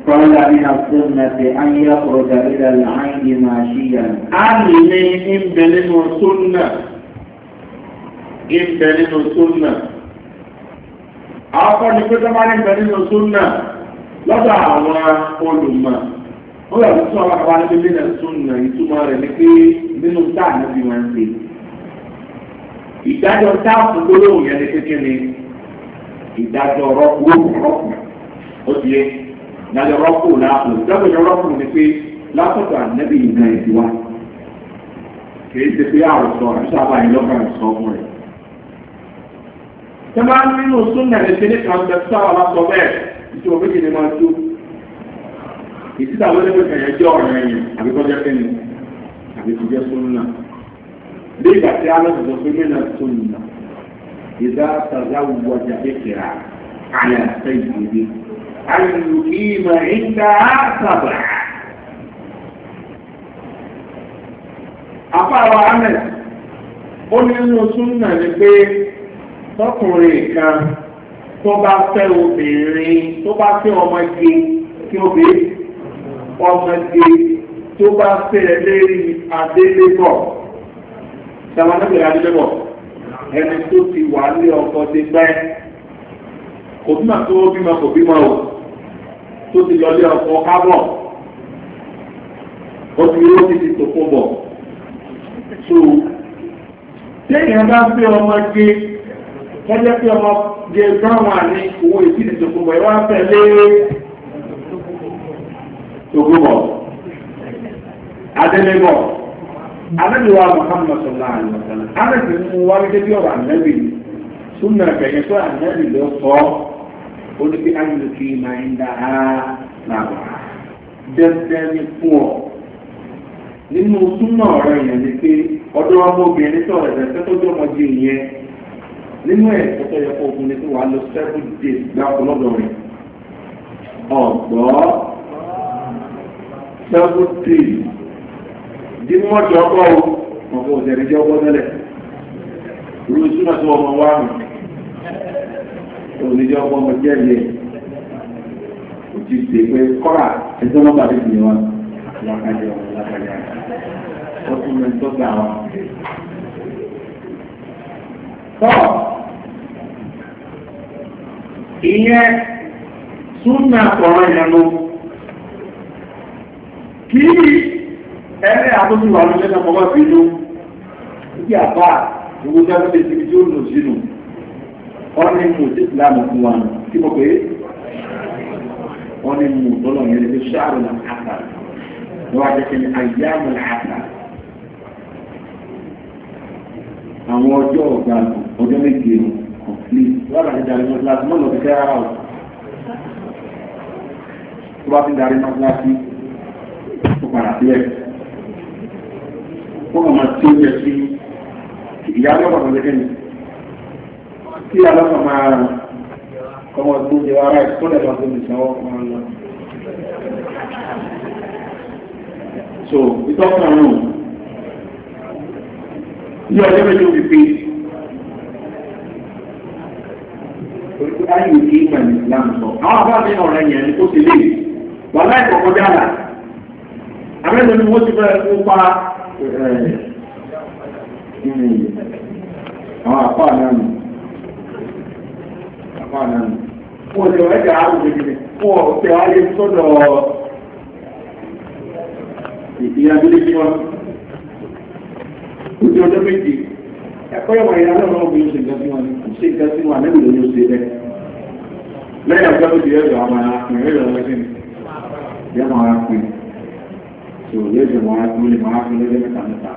Kọ́lá ní àtúnná ti ayé ọ̀rọ̀dà ilẹ̀ láàyè máa ṣíyà. A lè ní ìbẹ̀ nínú súnnà. Ìbẹ̀ nínú súnnà. Àwọn akọ́ni pé tó ní ìbẹ̀ nínú súnnà lọ́dọ̀ àwọn olùmọ̀ wọ́n yàtọ̀ tí wọ́n bá wà níbi mílíọ̀n súnà ìtumọ̀ rẹ̀ ni pé nínú táà níbi wọn ṣe. ìdájọ́ táàpù gbólóhùn yẹn ni kékeré ìdájọ́ rọ́pù rọ́pù ó ti yẹ ìdájọ́ rọ́pù láàpù ìdájọ́ rọ́pù ni pé látọ̀tọ̀ ànábì ìgbà ìdí wa kìí ṣe pé àròsọ àbíṣàbà yìí lọ́kàn ìsọ fún rẹ̀. tẹ́lá nínú súnà ìṣẹ́lẹ̀ ìsìtà wọlé pé ẹ̀yẹ jẹ́ ọ̀rọ̀ ẹ̀yìn àbí kọjá kẹ́ni àbí kọjá sunna bí ìgbà tí alọ́sọ̀ sọ pé mẹ́nà sunna ìdá sàzá wọjà kékeré àyà sẹ́yìn ìdí àyùkí mà ìdá sàbà. àpáwa ahmed ó ní inú sunna ni pé tọkùnrin kan tó bá fẹ́ obìnrin tó bá fẹ́ ọmọge kí obìnrin ọmọdé tó bá fẹ́ lérí adélébọ̀ sàmánàbẹ̀rẹ̀ adélébọ̀ ẹni tó ti wà lé ọkọ̀ ti pẹ́ kò bímọ tó bímọ kò bímọ o tó ti lọ lé ọkọ̀ kábọ̀ ó ti yóò ti ti tòkó bọ̀ so téèyàn bá fẹ́ ọmọdé wọ́n jẹ́ pé ọmọdé gbọ́n wà ní owó ìdílé tòkó bọ̀ ẹ wá fẹ́ lérí. Ògbómọ̀, Adélébọ̀, Anábìwá Muhammad Sallallahu Alaihi Wasallam, Anábì ń wá gẹ́gẹ́ bí ọ̀rọ̀ ànábì, súnmọ̀ ẹ̀fẹ̀yẹ tó ànábì ló sọ, ó ní bí ma máa ń dá a làbà. ọrịa ọ. ni ni sẹ́wọ́tì dímọ̀tì ọkọ̀ o wọn kò tẹ̀lé jẹ́ ọkọ̀ tẹ́lẹ̀ irú ìsúná tó ọmọ wa mi òní jẹ́ ọkọ̀ ọmọ jẹ́ yẹ kò ti dè pé kọ́ra ẹjọ́ nọ́mbà mi ti wọn lákàjẹ ọmọ lákàjẹ ọmọ tó mẹ tó gbà wọn kí ẹ̀rẹ́ àtúntúwà ló lẹ́nà ọmọ ìbínú ìdí àbá gbogbo jáde lè ti tí ó lò sínú ọ́nì mú tí ìlànà fún wa kí mo pé ọ́nì mú tọ́lọ̀ yẹn lè ṣáàrù nà àtà lọ́wọ́ àjẹkẹ́ ní àyàmù àtà àwọn ọjọ́ ọ̀gá ọjọ́ méje complete wọ́n bá ti darí mọ́ síláàtì mọ́ lọ́ọ́ fi ọ̀ tó padà sílẹ̀. Wọ́n kàn máa tí ó jẹ sí ìyá lọ́pàá kan lẹ́kẹ́ ni. Kí alọ́pàá máa ọmọ tó jẹ ara ẹ̀ tó lẹ́gbàá tó lè sanwó máa lọ. So ìtọ́kùn àwọn òun. Ní ọjọ́ méjì ó fi pé Orí ayé ìdí ìgbà ìsìlámù sọ. Àwọn àbábẹ́ ọ̀rẹ́ yẹn ni ó ti lè. Wàhálà ìkọ̀kọ̀ dára àmẹ́lẹ̀ ni wọ́n ti bẹ̀rẹ̀ tó pa eh, àwọn àpá ọjọ́ méjì ẹ̀kọ́ ìwọ̀n ìyá náà wọ́n bí ó sí wọn ṣe nǹkan sí wọn àmẹ́lẹ̀ ló ló ṣe lẹ́yìn ọjọ́ méjì ẹ̀rọ àwọn ará pin ọmọ ẹ̀sìn ìyá àwọn tí ò lè jẹ̀wọ́ mo lè máa fi lẹ́jọ́ mẹ́ta mẹ́ta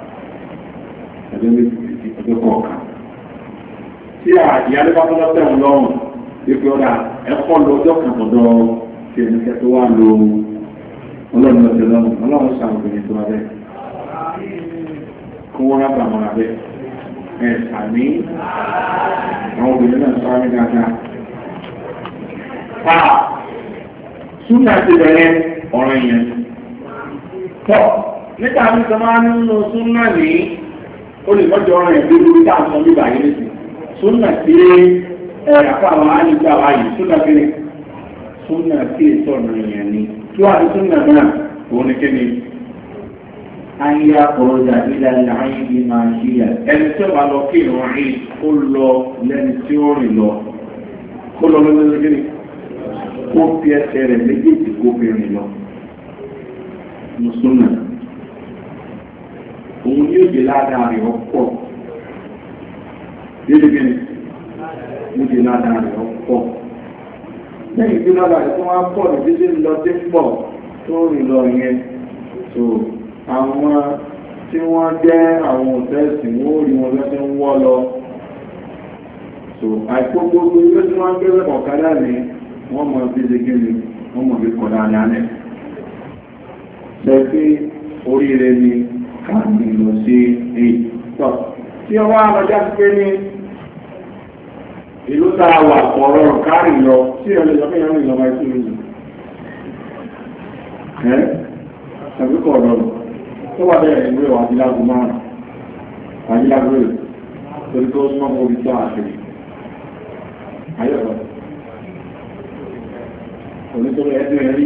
ẹjọ́ méjì méjì ọjọ́ kọ̀ọ̀kan. tí ìyáálé bá tọ́lọ́ tẹ̀wọ̀n lọ́rùn wípé ọ̀dà ẹ̀kọ́ lọ ọjọ́ kan ọ̀dọ́ tí ẹni kẹ́ tó wà lo ọlọ́run lọ́sẹ̀ lọ́rùn ọlọ́run sàn obìnrin tó wà bẹ́ẹ̀ kó wọ́n rábà mọ́ra bẹ́ẹ̀ ẹ̀ sàmí àwọn obìnrin náà sọ àmì dáadáa. Súnà ti bẹ̀rẹ̀ ọ̀rọ̀ yẹn tọ́ nígbà tí sọ máa nínú súnà ní olùmọ́jọ ọ̀rọ̀ ẹ̀gbẹ́ lórí tá à ń sọ nígbà yìí nìsín súnà tí ẹ̀rọ àpáwọn àyíká wa yìí súnà tí ni súnà tí ìsọ̀nà yẹn ni kí wàá ní súnà náà òun ni kíni. ayé akọ̀rọ̀dà ilẹ̀ láàyè ni máa ń yíyà ẹni tí wàá lọ kí ìrún rí ó lọ lẹ́ni tí ó rìn lọ kó lọ lọ́dọ́dọ́ kíni kó fi ẹsẹ̀ rẹ̀ méjèèjì kó fi rìn lọ mùsùlùmí òun ní òjè ládàá rẹ̀ ọ̀pọ̀ dédé bí òjè ládàá rẹ̀ ọ̀pọ̀ lẹ́yìn tí lọ́dà rẹ̀ tó wá pọ̀ ní títí lọ sí pọ̀ tó rìn lọ yẹn tó àwọn tí wọ́n jẹ́ àwọn òtẹ́sì wọ́n rí wọn lọ́sẹ̀ ń wọ́ lọ so àìkókó gbogbo ilé tí wọ́n ń gbé ọ̀kadà ní wọ́n mọ̀ bí ṣe kí ni wọ́n mọ̀ bí kọ̀dà ní alẹ́ pẹ̀lú oríire ni káàkiri lọ sí rí tọ́ tí ọwọ́ àmọ́já ti pé ní ìlú tá a wà ọ̀rọ̀ kárì lọ sí ẹ̀lẹ́ ìjọba ìyàwó ìjọba ìtú mi ẹ́ tàbí kọ̀ ọ̀rọ̀ tó wà bẹ́ẹ̀ ìwé wà ní lágùn márùn àyí lágùn rẹ̀ torí tó mọ́ orí tó àṣírí ayọ̀rọ̀ onítọ́rọ̀ ẹ̀dùn ẹ̀rí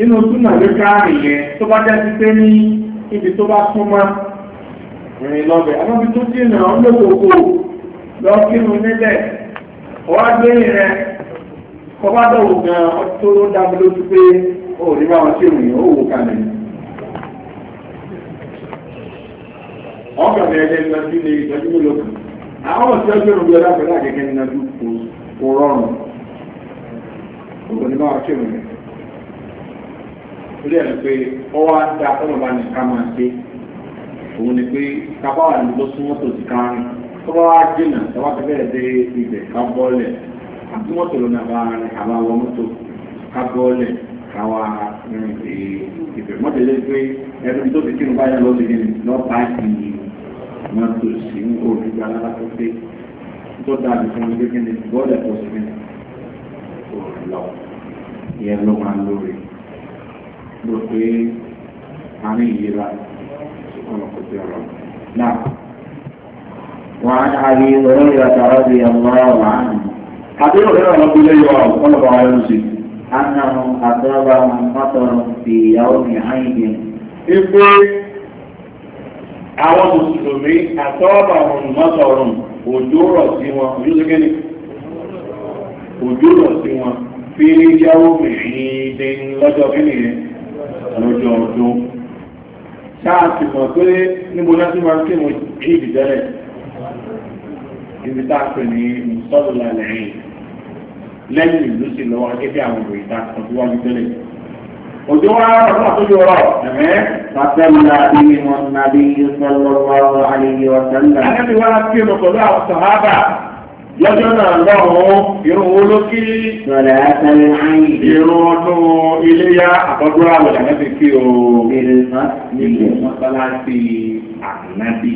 inú túnà ló káàrin yẹn tó bá jẹ́ sí pé ní ibi tó bá súnmọ́ rìn lọ́bẹ̀ na tó dìnà ọlọ́gbogbo lọ kírun nílẹ̀ ọwá gbé rẹ kọba gan ọtí tó dábí lójú pé ó rí bá wọn kírun yìí ó wò kalẹ̀ ìtọ́jú mélòó àwọn ọ̀sẹ̀ pẹ̀lú àgẹ́gẹ́ nínú ọdún kò rọrùn bá wọn orí ẹ̀ pé ọ wá dá ọmọ bá ní ká máa ṣe òun ni pé kápá wà ní ló súnmọ́ tó ti ká rìn tó bá wá jìnà tó bá ti bẹ̀rẹ̀ dé ibẹ̀ ká bọ́ọ̀lẹ̀ àti mọ́tò ló nà bá rìn àbá wọ mọ́tò ká bọ́ọ̀lẹ̀ ká wá rìn ibẹ̀ mọ́tò lé pé ẹni tó ti kírun báyà lọ́sẹ̀ ní lọ́pàá ìdí mọ́tò sí olùgbà alábàtọ́ pé tó dáa fún mi kékeré bọ́ọ̀lẹ̀ pọ̀ sí mi ìyẹn ló máa lórí ló pé àárín ìlera ọ̀nà kò sí ọ̀rọ̀ náà. وعن أبي هريرة رضي الله عنه أبي هريرة رضي الله عنه قال بعلمسي أنه أصابهم مطر في يوم عيد إذن àwọn mùsùlùmí àtọ́ọ̀bà wọn mọ́tọ̀rùn òjò rọ̀ sí wọn òjò sí kíni òjò rọ̀ lọ́jọ́ ọdún ṣáàtì mọ̀ pé níbo láti máa ń kéwọ̀n ìdí tẹ́lẹ̀ ibi tá ní mùsọ́lùlà lẹ́yìn lẹ́yìn ìlú sì lọ́wọ́ gẹ́gẹ́ àwọn òwe ìta kan tó wájú tẹ́lẹ̀ òjò wa rọ̀rọ̀ àtúnṣe ọ̀rọ̀ ẹ̀mẹ́ pàtẹ́lá ilé wọn nàbí sọlọ́wọ́ àlejò ọ̀sẹ̀ ńlá lọ́jọ́ náà lọ́rùn irun owó ló kí irun ọdún iléyá àtọ́jú àwẹ̀ àmẹ́bí kí o nílé mọ́sálásí ànábì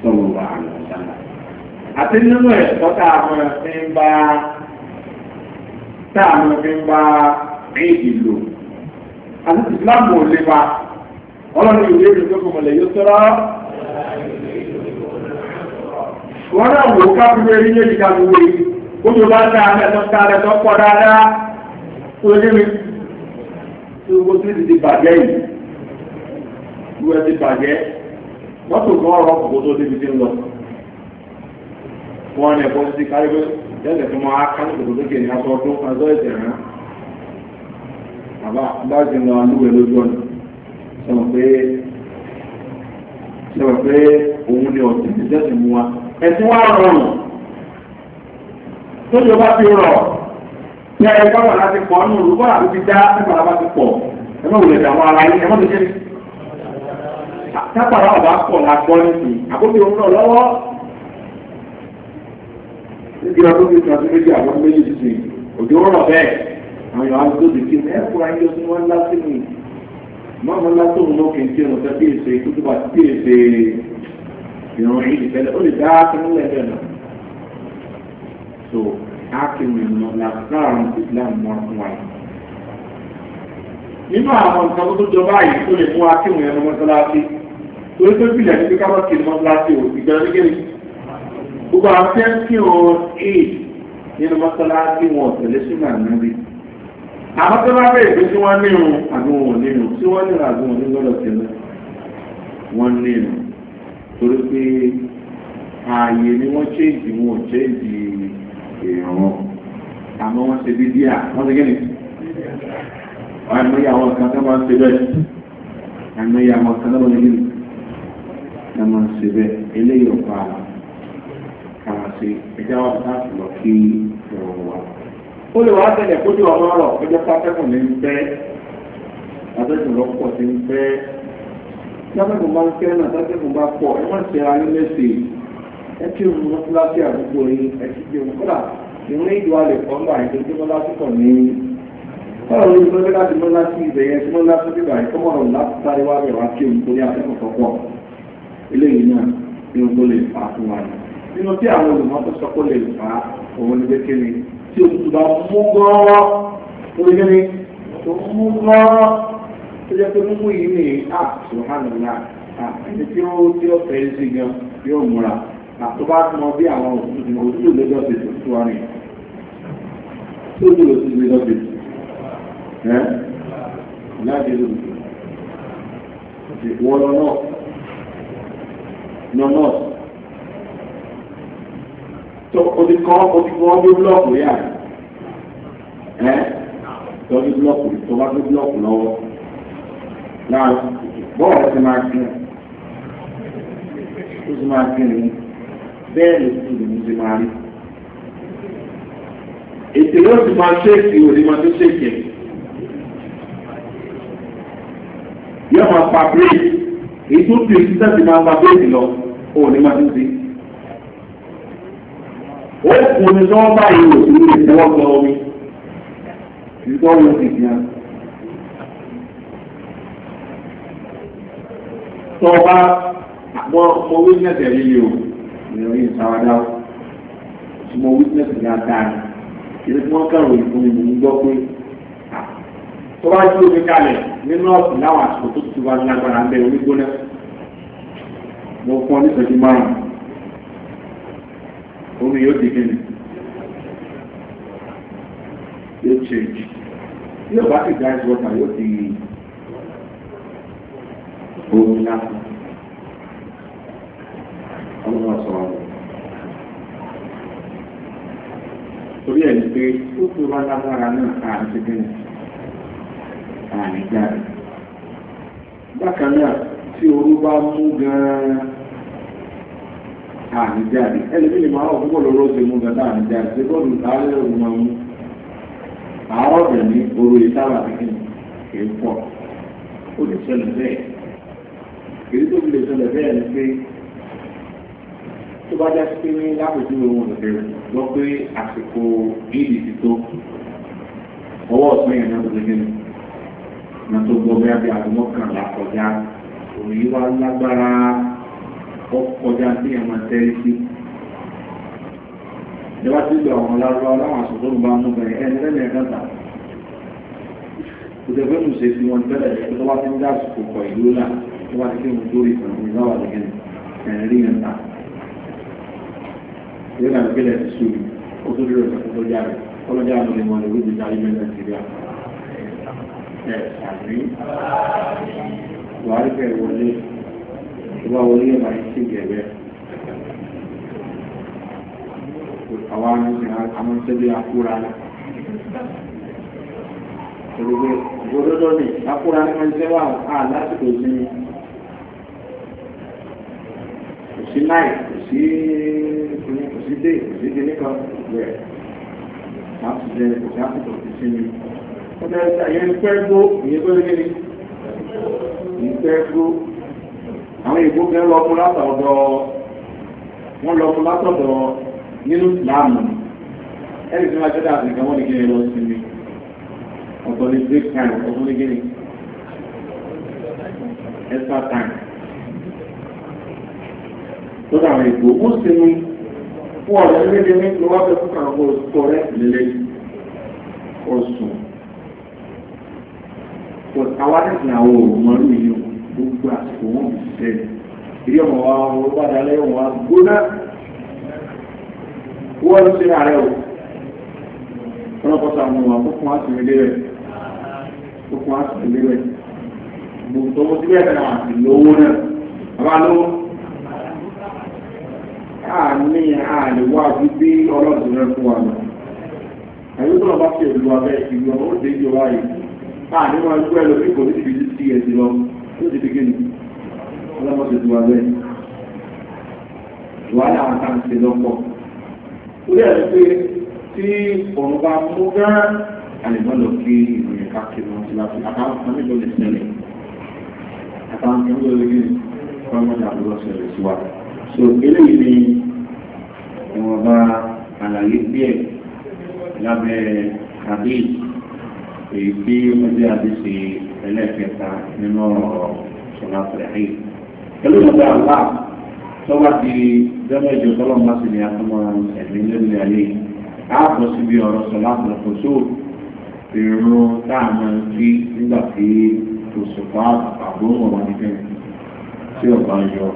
sọ̀rọ̀ wà àlọ́sálà àti nínú ẹ̀kọ́ tá a mọ̀ tá a mọ̀ fi ń bá éèdì lò àti ìsìláàmù ò lè bá ọlọ́run ìwé ìrìn tó kọmọlẹ̀ yóò sọ́rọ́ wọ́n náà wò káàkiri eré ní èjìká mi wé ó tó bá ta ẹ̀tọ́ ta pọ̀ dáadáa tó lé mi tó ti ti bàjẹ́ yìí ìwé ti bàjẹ́ mọ́tò kan ọ̀rọ̀ kòkó tó débi ti ń lọ wọ́n ní ẹ̀kọ́ ti kárí pé jẹ́sẹ̀ tó máa ká ní kòkó lókè ní aṣọ ọdún aṣọ rẹ̀ bàbá bá ti lọ alúwẹ̀ lójú ọ̀nà sọ̀rọ̀ pé sọ̀rọ̀ pé òun ni ti ẹ̀sìn wá rọrùn tó yọ bá fi rọ̀ ní ẹ̀rọ bá wà láti pọ̀ nínú olùkọ́ àti ti dá nígbà bá ti pọ̀ ẹ má wùlẹ̀ dàwọn ara yín ẹ má ti jẹ́ tápàrà ọ̀bá pọ̀ la gbọ́ nìsí àkókò òun náà lọ́wọ́ níbi ọdún bíi tuntun méjì àwọn méjì tuntun òjò rọ̀ bẹ́ẹ̀ àwọn èèyàn á tó dìkì ẹ fúra yín lọ́sí wọn lásìmì mọ́ àwọn lásìmì lókè ń kírun bí èsè kútùbà tí èsè ìrún yìí tẹ́lẹ̀ ó lè so akínú ìrún làkàrùn islam mọ́ fún wa yìí. nínú àwọn nǹkan tó jọ báyìí tó lè mú akínú ẹnu mọ́sálásí torí tó bìlẹ̀ ní pé káwọn kì í mọ́sálásí o ìjọ nígbèrè gbogbo àwọn tẹ́ ń kí wọn éè nínú mọ́sálásí wọn ọ̀tẹ̀lẹ́ sínú àná àwọn tó bá bẹ̀rẹ̀ tí wọ́n nírun àbí wọn tí wọ́n nírun àbí wọn ò torí pé ààyè ni wọ́n chéǹdì wọn ò chéǹdì èèyàn àmọ́ wọ́n ṣe bí díà wọ́n ṣe gẹ́nì àìmọye àwọn kan tó máa ń ṣe bẹ́ẹ̀ àìmọye àwọn kan tó máa ń ṣe bẹ́ẹ̀ tó máa ń ṣe bẹ́ẹ̀ eléyìí ọ̀pá kàwá sí ẹjá wa láti lọ kí ọ̀rọ̀ wa. ó lè wá tẹ̀lé kójú ọmọ rọ̀ ọjọ́ pátákùn ní ń fẹ́ sábẹ́kùn bá ń fẹ́ náà sábẹ́kùn bá pọ̀ ẹ má ṣe ara lẹ́sẹ̀ ẹ tí òun lọ síláṣí àdúgbò yìí ẹ ti di òun kọ́là ìwé ìlú alẹ̀ kan gbà ètò tí wọ́n lásì pọ̀ ní báwo ni ìgbẹ́ láti mọ́ láti ibẹ̀ yẹn tí wọ́n lásì bíbà yìí kọ́mọ̀ rọ̀ láti sáré wá bẹ̀rẹ̀ wá kí òun tó ní akẹ́kọ̀ọ́ pọ̀ eléyìí náà ni òun tó lè fà á fún wa nínú tí àwọn olùmọ̀ lè fà á òun ní bẹ́kẹ́ ni tí òun tó bá mú gbọ́ọ́ tó jẹ́ pé múmú yìí ní àtúnhánàlá ah, ah, ẹni tí ó tí ó fẹ́ sí gan yóò múra àtó ah, bá mọ bí àwọn òṣìṣẹ́ lọ́jọ́ ti tó tó wá ní tó tó lọ́sí lọ́jọ́ ti tó ẹ́ láti lò ìwọ lọ́nà lọ́nà tó o ti kọ́ o ti kọ́ ọdún búlọ́ọ̀kù yà ẹ́ tọ́jú búlọ́ọ̀kù tó bá tó búlọ́ọ̀kù lọ́wọ́ náà bọ́ọ̀ ti máa fi hàn ó ti máa fi hàn bẹ́ẹ̀ ló ti lòun ti máa rí ètò yóò ti máa ṣéèkì òní máa tó ṣéèkì yóò máa pa bíréèkì èyí tó fi èyí sísá ti máa pa bíréèkì lọ òní máa tó ṣe ó kùn ní sọ́wọ́ báyìí òsì ní ìfọwọ́ gbọ́ omi ti fi hàn. tó bá mo witness ẹ̀ líle o ìrìn ìsáwádá tí mo witness ní adáa ìrìn tí wọ́n kàrò ìfún mi ń gbọ́ pé tó bá jí omi kalẹ̀ nínú ọ̀sìn láwọn àsìkò tó ti wá ní agbára ń bẹ omi gbóná mo fún ọ ní ìtọ́jú márùn-ún omi yóò di kíni yóò change yóò bá ti dá ìṣòro kan yóò di. gómìnà ọmọ ọ̀sán ọ̀rọ̀. torí ẹ̀ pé ó tó bá lágbára náà à ń bẹ́ẹ̀ bákan náà tí orú bá mú gan-an ni màá mú gan-an ṣé bọ́ọ̀lù òun máa mú àárọ̀ bẹ̀ ní kékeré èyí tó fi lè ṣẹlẹ̀ bẹ́ẹ̀ ni pé tó bá jásí pé ní lápòjú ohun ìbẹ̀rẹ̀ lọ pé àsìkò ìdí ti tó ọwọ́ ọ̀sán yẹn náà tó gbé nínú náà tó gbọ́ bí abẹ́ àdúgbò kan là kọjá òní wá lágbára ó kọjá sí ẹ̀ tẹ́lẹ̀ sí. ìjọba tí ó gbà wọn lárúbá láwọn àsìkò tó bá mú bẹ̀rẹ̀ ẹni lẹ́nu ẹ̀ká tà kò tẹ̀ fẹ́ mú ṣe sí wọn tẹ́lẹ̀ tó bá ti ń dá àsìkò kọ ìlú náà tó bá ti kéwòn lórí ìtàn ìgbà wà lẹ́yìn ẹ̀rí yẹn ta ìwé náà gbé lẹ́sí sùn ó tó dúró ìtàn tó jáde ọlọ́jà ló lè mọ ìwé ìgbà ayé mẹ́ta ti rí ẹ̀ sàmì buhari fẹ́ wọlé tó bá wọlé ẹ̀ máa ń ṣe gẹ̀ẹ́gẹ́ àwọn amúnṣẹ́bí akúra gbogbo gbogbo lọ́dọ̀ ni akúra ní wọ́n ń ṣẹ́wà á lásìkò ìsinmi. sí náì kò sí kíní kò sí dé kò sí kíní kan rẹ̀ láti jẹ kò sí àsìkò tó sí mi. ó jẹ́ ẹ̀yẹ́ ń pẹ́ gbó ìyẹn tó lé kíni ń pẹ́ gbó àwọn ìbò fẹ́ lọ fún látọ̀dọ̀ wọ́n lọ fún látọ̀dọ̀ nínú ìlànà ẹni tí wọ́n jẹ́ dáàbò nìkan wọ́n ní kíni lọ sí mi ọ̀tọ̀ ní break time ọ̀tọ̀ ní kíni extra time lọ́dọ̀ àwọn ìgbò ó sì ní fún ọ̀rẹ́ lédè ní ló wá fẹ́ fún àwọn oṣù rẹ̀ lé oṣù àwa nìkan àwọn òmọ̀lú yìí gbogbo àsìkò wọn kì í ṣe ìdí ọmọ wa wọn bá dalẹ̀ wọn wá gbóná wọ́n ló ṣe ààrẹ o ọlọ́pọ̀ta àwọn ọmọ àkókò àtìmílé rẹ̀ àkókò àtìmílé rẹ̀ gbogbo tó wọ́n bẹ́ẹ̀ náà àti lówó náà àbá lówó àmì àlèwà gbígbé ọlọ́dún rẹ fún wa lọ. àyíkọ́ ọba fi èlú abẹ́ ìlú ọmọ òde ìjọ wa yìí àní máa gbọ́ ẹlò ní kò ní ìbí sí ẹ̀sìn lọ tó ti fi gíní ọlọ́mọdé ti wà bẹ́ẹ̀. wàhálà àtà ń ṣe lọ́pọ̀. ó yẹ pé tí òun bá mú gán àlèmọ́ lọ kí ìròyìn káàkiri wọn ti láti àtàwọn kan nílò lè ṣẹlẹ̀ àtàwọn kan nílò lè gíní ọlọ́mọdé àbúrò ṣẹlẹ̀ síwájú so eléyìí ni ìwọ̀nba àlàyé díẹ̀ lábẹ́ hadith èyí tí wọ́n jẹ́ àdíṣe ẹlẹ́ẹ̀kẹta nínú ọ̀rọ̀ ṣọlá fẹ̀rẹ̀ pẹ̀lú ọ̀dọ̀ àlá tọ́wá ti jẹ́mọ̀ ìjọ tọ́lọ́ bá sì ní atọ́mọ ẹ̀mí lórí ayé káàbọ̀ síbi ọ̀rọ̀ ṣọlá fẹ̀rẹ̀ kò sóò ìrún táàmù rí nígbà tí òṣùpá àbúrò wọn ní kẹ́rin tí ọ̀gá yọ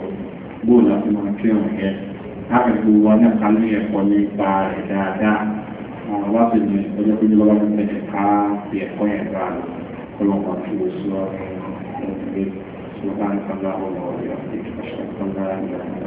bóòlù àti máa kírun yẹn láti gbogbo wa náà ní ẹ̀kọ́ nípa rẹ̀ dáadáa láti ní ọjọ́ pé nígbà wọn tẹ̀lé ká fi ẹ̀kọ́ yẹn bá a ọlọ́pàá tí ó sọ ọ̀rọ̀ ìgbé tí ó bá ń kan láwọn ọ̀rọ̀ ìgbé